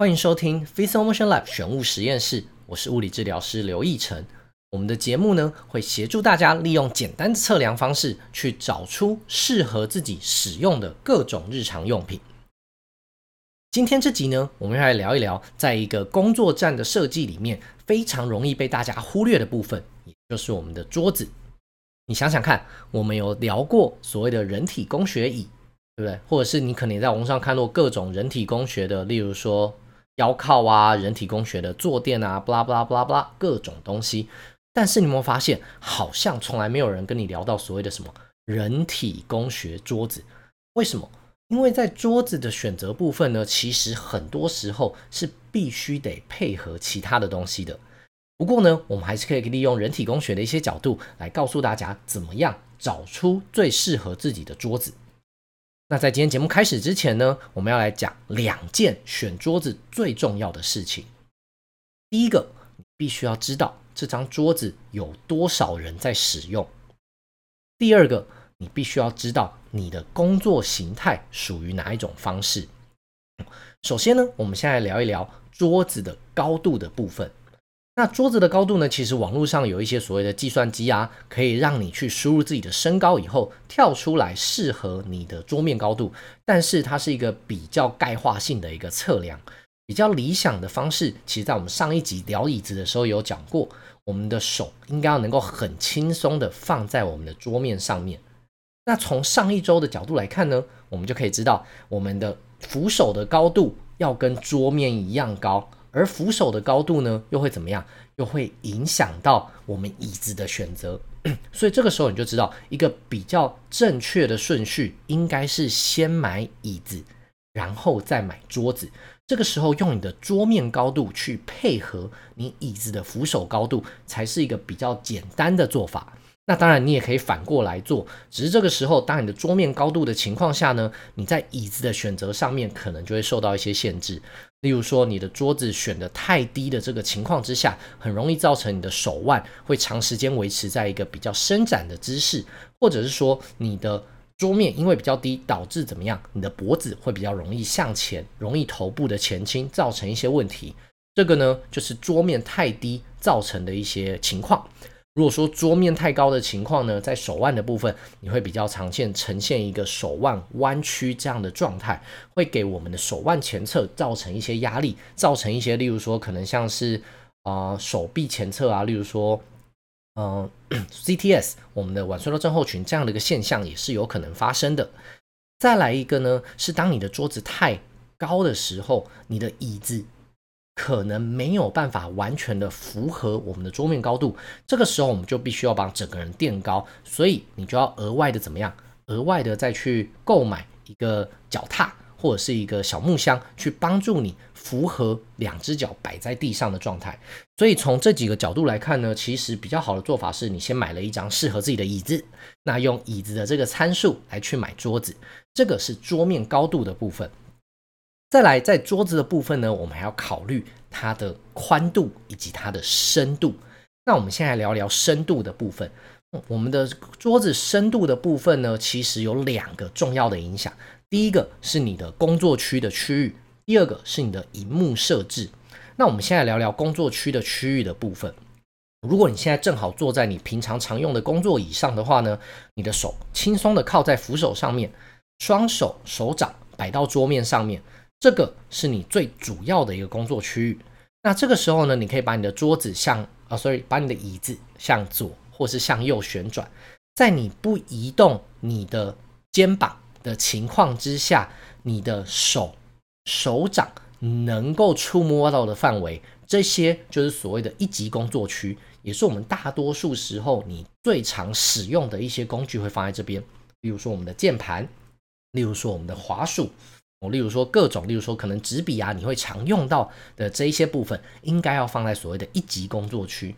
歡迎收聽 Fascial Motion Lab 選物實驗室，我是物理治療師劉義成。我們的節目呢，會協助大家利用簡單的測量方式，去找出適合自己使用的各種日常用品。今天這集呢，我們要來聊一聊，在一個工作站的設計裡面，非常容易被大家忽略的部分，也就是我們的桌子。你想想看，我們有聊過所謂的人體工學椅，對不對？或者是你可能也在網上看過各種人體工學的，例如說，腰靠啊，人體工學的坐墊啊，b l a、ah、拉 b l a 拉 b l a b l a 各種東西。但是你有沒有發現，好像從來沒有人跟你聊到所謂的什麼人體工學桌子？為什麼？因為在桌子的選擇部分呢，其實很多時候是必須得配合其他的東西的。不過呢，我們還是可以利用人體工學的一些角度來告訴大家，怎麼樣找出最適合自己的桌子。那在今天節目開始之前呢，我們要來講兩件選桌子最重要的事情。第一個，你必須要知道這張桌子有多少人在使用；第二個，你必須要知道你的工作形態屬於哪一種方式。首先呢，我們先來聊一聊桌子的高度的部分。那桌子的高度呢？其實網絡上有一些所謂的計算機啊，可以讓你去輸入自己的身高以後跳出來適合你的桌面高度，但是它是一個比較概化性的一個測量。比較理想的方式，其實在我們上一集聊椅子的時候有講過，我們的手應該要能夠很輕鬆的放在我們的桌面上面。那從上一周的角度來看呢，我們就可以知道我們的扶手的高度要跟桌面一樣高。而扶手的高度呢，又會怎麼樣？又會影響到我們椅子的選擇。 所以這個時候你就知道，一個比較正確的順序應該是先買椅子，然後再買桌子。這個時候用你的桌面高度去配合你椅子的扶手高度，才是一個比較簡單的做法。那當然，你也可以反過來做，只是這個時候，當你的桌面高度的情況下呢，你在椅子的選擇上面可能就會受到一些限制。例如說，你的桌子選得太低的這個情況之下，很容易造成你的手腕會長時間維持在一個比較伸展的姿勢，或者是說，你的桌面因為比較低，導致怎麼樣，你的脖子會比較容易向前，容易頭部的前傾，造成一些問題。這個呢，就是桌面太低造成的一些情況。如果說桌面太高的情況呢，在手腕的部分，你會比較常見呈現一個手腕彎曲這樣的狀態，會給我們的手腕前側造成一些壓力，造成一些例如說可能像是啊、呃、手臂前側啊，例如說嗯、呃、CTS 我們的腕隧道症候群這樣的一個現象也是有可能發生的。再來一個呢，是當你的桌子太高的時候，你的椅子。可能沒有辦法完全的符合我們的桌面高度，這個時候我們就必須要幫整個人墊高，所以你就要額外的怎麼樣？額外的再去購買一個腳踏或者是一個小木箱，去幫助你符合兩只腳擺在地上的狀態。所以從這幾個角度來看呢，其實比較好的做法是你先買了一張適合自己的椅子，那用椅子的這個參數來去買桌子，這個是桌面高度的部分。再來，在桌子的部分呢，我們還要考慮它的寬度以及它的深度。那我們先來聊聊深度的部分。我們的桌子深度的部分呢，其實有兩個重要的影響。第一個是你的工作區的區域，第二個是你的熒幕設置。那我們先來聊聊工作區的區域的部分。如果你現在正好坐在你平常常用的工作椅上的話呢，你的手輕鬆地靠在扶手上面，雙手手掌擺到桌面上面。這個是你最主要的一個工作區域。那這個時候呢，你可以把你的桌子向啊、oh，sorry，把你的椅子向左或是向右旋轉，在你不移動你的肩膀的情況之下，你的手手掌能夠觸摸到的範圍，這些就是所謂的一級工作區，也是我們大多數時候你最常使用的一些工具會放在這邊，例如說我們的鍵盤，例如說我們的滑鼠。我例如說各種，例如說可能紙筆啊，你會常用到的這一些部分，應該要放在所謂的一級工作區。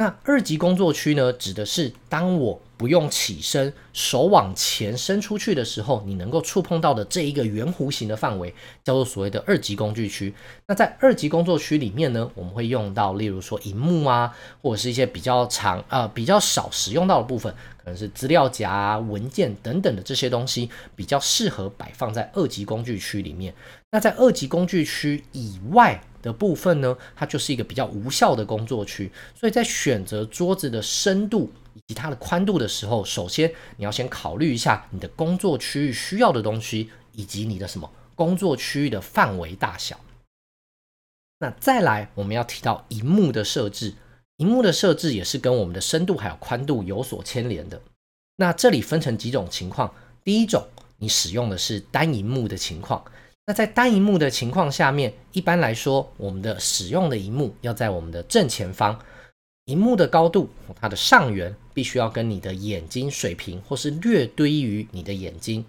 那二級工作區呢，指的是當我不用起身，手往前伸出去的時候，你能夠觸碰到的這一個圓弧形的範圍，叫做所謂的二級工具區。那在二級工作區裡面呢，我們會用到，例如說螢幕啊，或者是一些比較常、呃比較少使用到的部分，可能是資料夾啊、文件等等的這些東西，比較適合擺放在二級工具區裡面。那在二級工具區以外，的部分呢，它就是一個比較無效的工作區，所以在選擇桌子的深度以及它的寬度的時候，首先你要先考慮一下你的工作區域需要的東西，以及你的什麼工作區域的範圍大小。那再來，我們要提到熒幕的設置，熒幕的設置也是跟我們的深度還有寬度有所牽連的。那這裡分成幾種情況，第一種，你使用的是單熒幕的情況。那在單螢幕的情況下面，一般來說，我們的使用的螢幕要在我們的正前方，螢幕的高度，它的上緣必須要跟你的眼睛水平，或是略低於你的眼睛。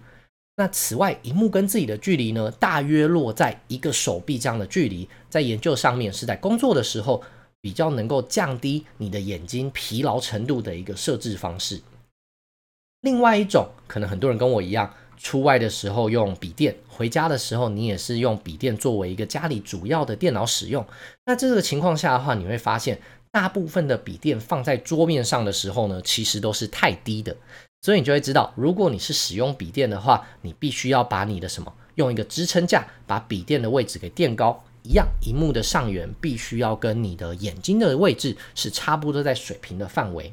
那此外，螢幕跟自己的距離呢，大約落在一個手臂這樣的距離，在研究上面是在工作的時候，比較能夠降低你的眼睛疲勞程度的一個設置方式。另外一種，可能很多人跟我一樣。出外的時候用筆電，回家的時候你也是用筆電作為一個家裡主要的電腦使用。那這個情況下的話，你會發現大部分的筆電放在桌面上的時候呢，其實都是太低的。所以你就會知道，如果你是使用筆電的話，你必須要把你的什麼，用一個支撐架把筆電的位置給墊高，一樣，熒幕的上緣必須要跟你的眼睛的位置是差不多在水平的範圍。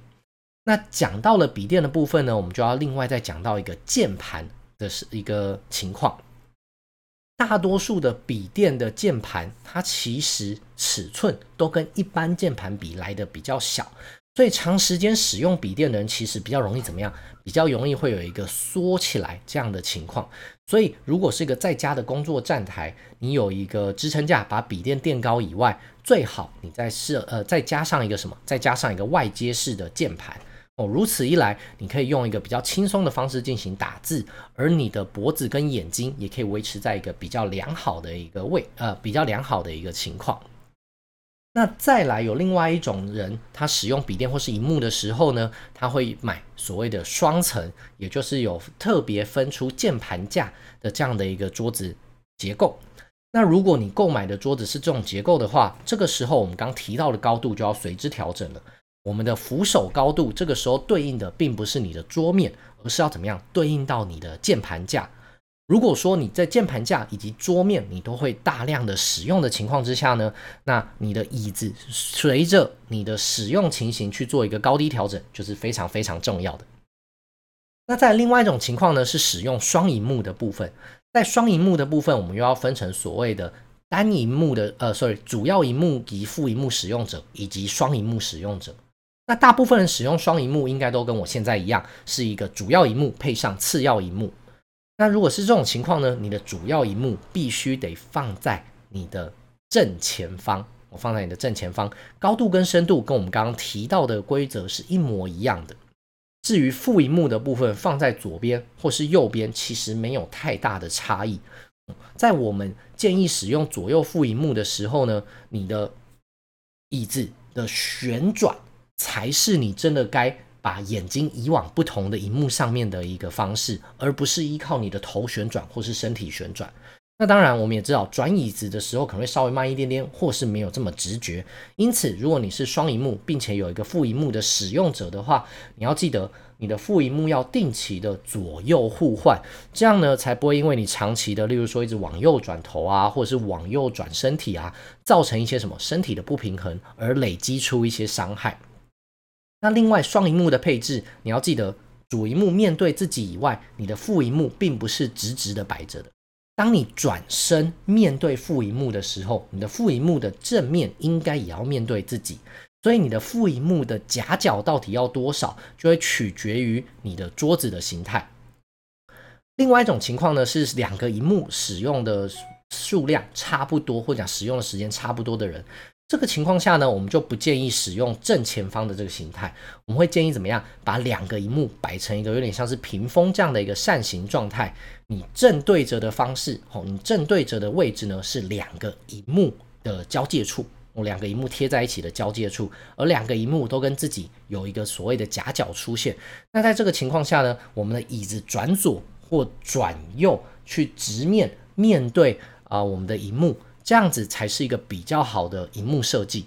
那講到了筆電的部分呢，我們就要另外再講到一個鍵盤。的是一個情況，大多數的筆電的鍵盤，它其實尺寸都跟一般鍵盤比來的比較小，所以長時間使用筆電的人，其實比較容易怎麼樣？比較容易會有一個縮起來這樣的情況。所以如果是一個在家的工作站台，你有一個支撐架把筆電墊高以外，最好你再設，呃，再加上一個什麼？再加上一個外接式的鍵盤。哦，如此一來，你可以用一個比較輕鬆的方式進行打字，而你的脖子跟眼睛也可以維持在一個比較良好的一個位，呃，比較良好的一個情況。那再來有另外一種人，他使用筆電或是熒幕的時候呢，他會買所謂的雙層，也就是有特別分出鍵盤架的這樣的一個桌子結構。那如果你購買的桌子是這種結構的話，這個時候我們剛提到的高度就要隨之調整了。我們的扶手高度，這個時候對應的並不是你的桌面，而是要怎麼樣對應到你的鍵盤架。如果說你在鍵盤架以及桌面你都會大量的使用的情況之下呢，那你的椅子隨着你的使用情形去做一個高低調整，就是非常非常重要的。那在另外一種情況呢，是使用雙螢幕的部分，在雙螢幕的部分，我們又要分成所謂的單螢幕的，呃，sorry，主要螢幕及副螢幕使用者以及雙螢幕使用者。那大部分人使用雙熒幕，應該都跟我現在一樣，是一個主要熒幕配上次要熒幕。那如果是這種情況呢？你的主要熒幕必須得放在你的正前方，我放在你的正前方，高度跟深度跟我們剛剛提到的規則是一模一樣的。至於副熒幕的部分，放在左邊或是右邊，其實沒有太大的差異。在我們建議使用左右副熒幕的時候呢，你的椅子的旋轉，才是你真的該把眼睛移往不同的螢幕上面的一個方式，而不是依靠你的頭旋轉或是身體旋轉。那當然，我們也知道轉椅子的時候可能會稍微慢一點點，或是沒有這麼直覺。因此，如果你是雙螢幕，並且有一個副螢幕的使用者的話，你要記得你的副螢幕要定期的左右互換，這樣呢才不會因為你長期的，例如說一直往右轉頭啊，或者是往右轉身體啊，造成一些什麼身體的不平衡而累積出一些傷害。那另外，雙熒幕的配置，你要記得，主熒幕面對自己以外，你的副熒幕並不是直直的擺着的。當你轉身面對副熒幕的時候，你的副熒幕的正面應該也要面對自己。所以你的副熒幕的夾角到底要多少，就會取決於你的桌子的形態。另外一種情況呢，是兩個熒幕使用的數量差不多，或者講使用的時間差不多的人。這個情況下呢，我們就不建議使用正前方的這個形態。我們會建議怎麼樣？把兩個螢幕擺成一個有點像是屏風這樣的一個扇形狀態。你正對着的方式，哦，你正對着的位置呢，是兩個螢幕的交界處，我兩個螢幕貼在一起的交界處，而兩個螢幕都跟自己有一個所謂的夾角出現。那在這個情況下呢，我們的椅子轉左或轉右去直面面對啊、呃、我們的螢幕。這樣子才是一個比較好的屏幕設計。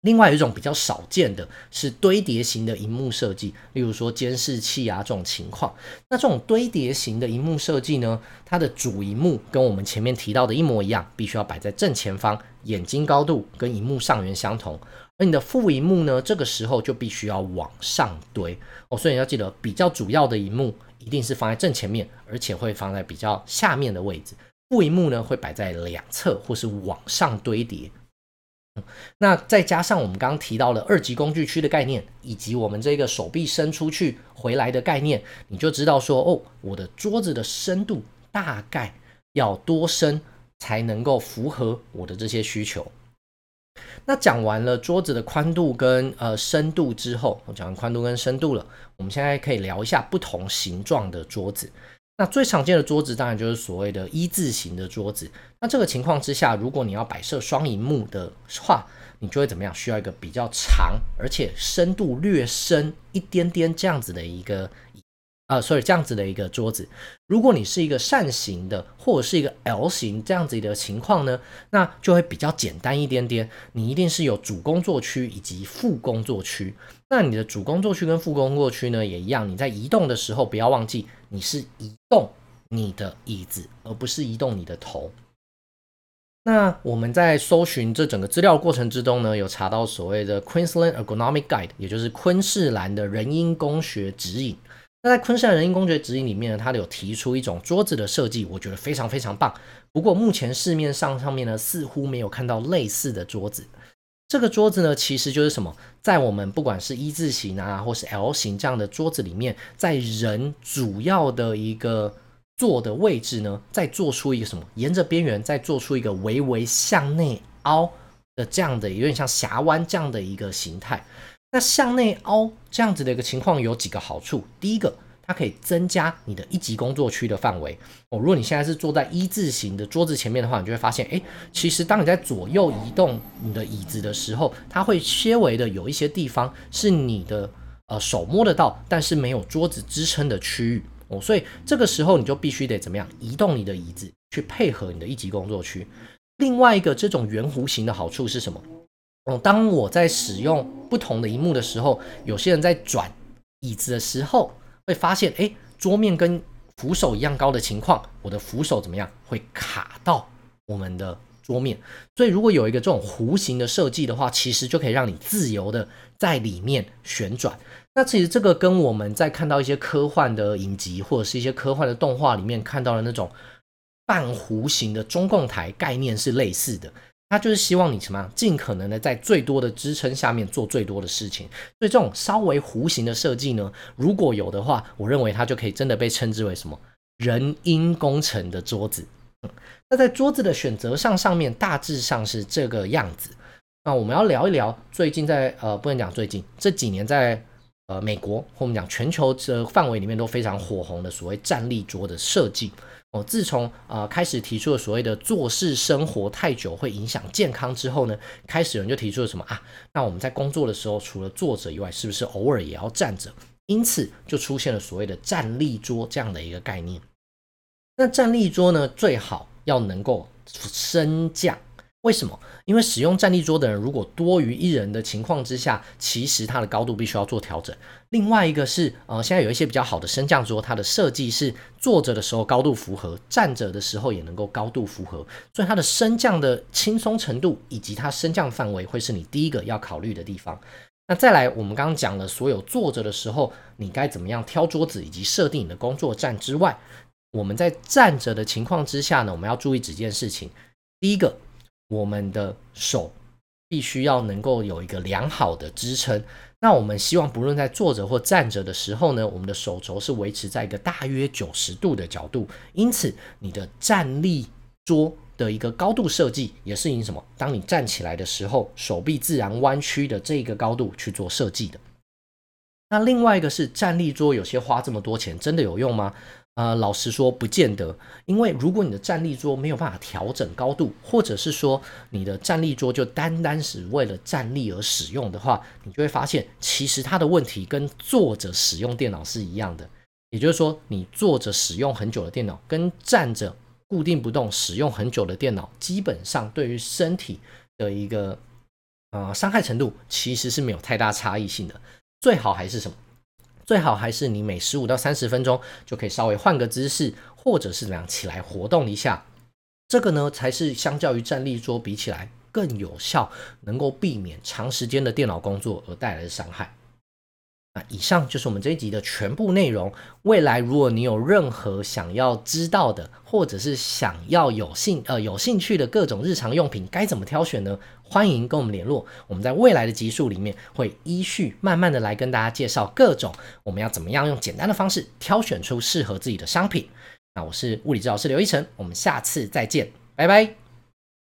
另外有一種比較少見的是堆疊型的屏幕設計，例如說監視器啊這種情況。那這種堆疊型的屏幕設計呢，它的主屏幕跟我們前面提到的一模一樣，必須要擺在正前方，眼睛高度跟屏幕上緣相同。而你的副屏幕呢，這個時候就必須要往上堆哦。所以你要記得，比較主要的屏幕一定是放在正前面，而且會放在比較下面的位置，部螢幕呢會擺在兩側或是往上堆疊。嗯，那再加上我們剛剛提到了二級工具區的概念，以及我們這個手臂伸出去回來的概念，你就知道說哦，我的桌子的深度大概要多深才能夠符合我的這些需求。那講完了桌子的寬度跟呃深度之後，我講完寬度跟深度了，我們現在可以聊一下不同形狀的桌子。那最常見的桌子當然就是所謂的一字形的桌子。那這個情況之下，如果你要擺設雙熒幕的話，你就會怎麼樣？需要一個比較長，而且深度略深一點點這樣子的一個，呃，所以這樣子的一個桌子。如果你是一個扇形的，或者是一個 L 型這樣子的情況呢，那就會比較簡單一點點，你一定是有主工作區以及副工作區。那你的主工作區跟副工作區呢也一樣，你在移動的時候不要忘記你是移。動你的椅子，而不是移動你的頭。那我們在搜尋這整個資料過程之中呢，有查到所謂的 Queensland Ergonomic Guide，也就是昆士蘭的人因工學指引。那在昆士蘭人因工學指引裡面呢，它有提出一種桌子的設計，我覺得非常非常棒。不過目前市面上上面呢，似乎沒有看到類似的桌子。這個桌子呢，其實就是什麼，在我們不管是一字形啊，或是 L 型這樣的桌子裡面，在人主要的一個坐的位置呢，再做出一個什麼，沿着邊緣再做出一個微微向內凹的這樣的，有點像峽灣這樣的一個形態。那向內凹這樣子的一個情況有幾個好處，第一個。它可以增加你的一級工作區的範圍哦。如果你現在是坐在一字形的桌子前面的話，你就會發現，誒，其實當你在左右移動你的椅子的時候，它會稍微的有一些地方是你的呃手摸得到，但是沒有桌子支撐的區域哦。所以這個時候你就必須得怎麼樣移動你的椅子去配合你的一級工作區。另外一個這種圓弧形的好處是什麼？哦，當我在使用不同的熒幕的時候，有些人在轉椅子的時候。會發現，哎，桌面跟扶手一樣高的情況，我的扶手怎麼樣會卡到我們的桌面？所以，如果有一個這種弧形的設計的話，其實就可以讓你自由的在裡面旋轉。那其實這個跟我們在看到一些科幻的影集或者是一些科幻的動畫裡面看到的那種半弧形的中控台概念是類似的。他就是希望你什麼，盡可能的在最多的支撐下面做最多的事情。所以這種稍微弧形的設計呢，如果有的話，我認為它就可以真的被稱之為什麼人因工程的桌子。嗯，那在桌子的選擇上上面，大致上是這個樣子。那我們要聊一聊最近在呃，不能講最近，這幾年在。呃，美國或我們講全球的範圍裡面都非常火紅的所謂站立桌的設計哦，自從啊、呃、開始提出了所謂的坐式生活太久會影響健康之後呢，開始有人就提出了什麼啊？那我們在工作的時候，除了坐着以外，是不是偶爾也要站着？因此就出現了所謂的站立桌這樣的一個概念。那站立桌呢，最好要能夠升降。為什麼？因為使用站立桌的人，如果多於一人的情況之下，其實它的高度必須要做調整。另外一個是，呃，現在有一些比較好的升降桌，它的設計是坐着的時候高度符合，站着的時候也能夠高度符合，所以它的升降的輕鬆程度以及它升降範圍會是你第一個要考慮的地方。那再來，我們剛剛講了所有坐着的時候你該怎麼樣挑桌子以及設定你的工作站之外，我們在站着的情況之下呢，我們要注意幾件事情。第一個。我們的手必須要能夠有一個良好的支撐。那我們希望，不論在坐着或站着的時候呢，我們的手肘是維持在一個大約九十度的角度。因此，你的站立桌的一個高度設計也是以什麼？當你站起來的時候，手臂自然彎曲的這一個高度去做設計的。那另外一個是，站立桌有些花這麼多錢，真的有用嗎？呃，老實說，不見得。因為如果你的站立桌沒有辦法調整高度，或者是說你的站立桌就單單是為了站立而使用的話，你就會發現，其實它的問題跟坐着使用電腦是一樣的。也就是說，你坐着使用很久的電腦，跟站着固定不動使用很久的電腦，基本上對於身體的一個呃傷害程度，其實是沒有太大差異性的。最好還是什麼？最好還是你每十五到三十分鐘就可以稍微換個姿勢，或者是怎樣起來活動一下。這個呢，才是相較於站立桌比起來更有效，能夠避免長時間的電腦工作而帶來的傷害。那以上就是我們這一集的全部內容。未來如果你有任何想要知道的，或者是想要有興呃有興趣的各種日常用品該怎麼挑選呢？歡迎跟我們聯絡，我們在未來的集數裡面會依序慢慢的來跟大家介紹各種我們要怎麼樣用簡單的方式挑選出適合自己的商品。那我是物理治療師劉一晨，我們下次再見，拜拜。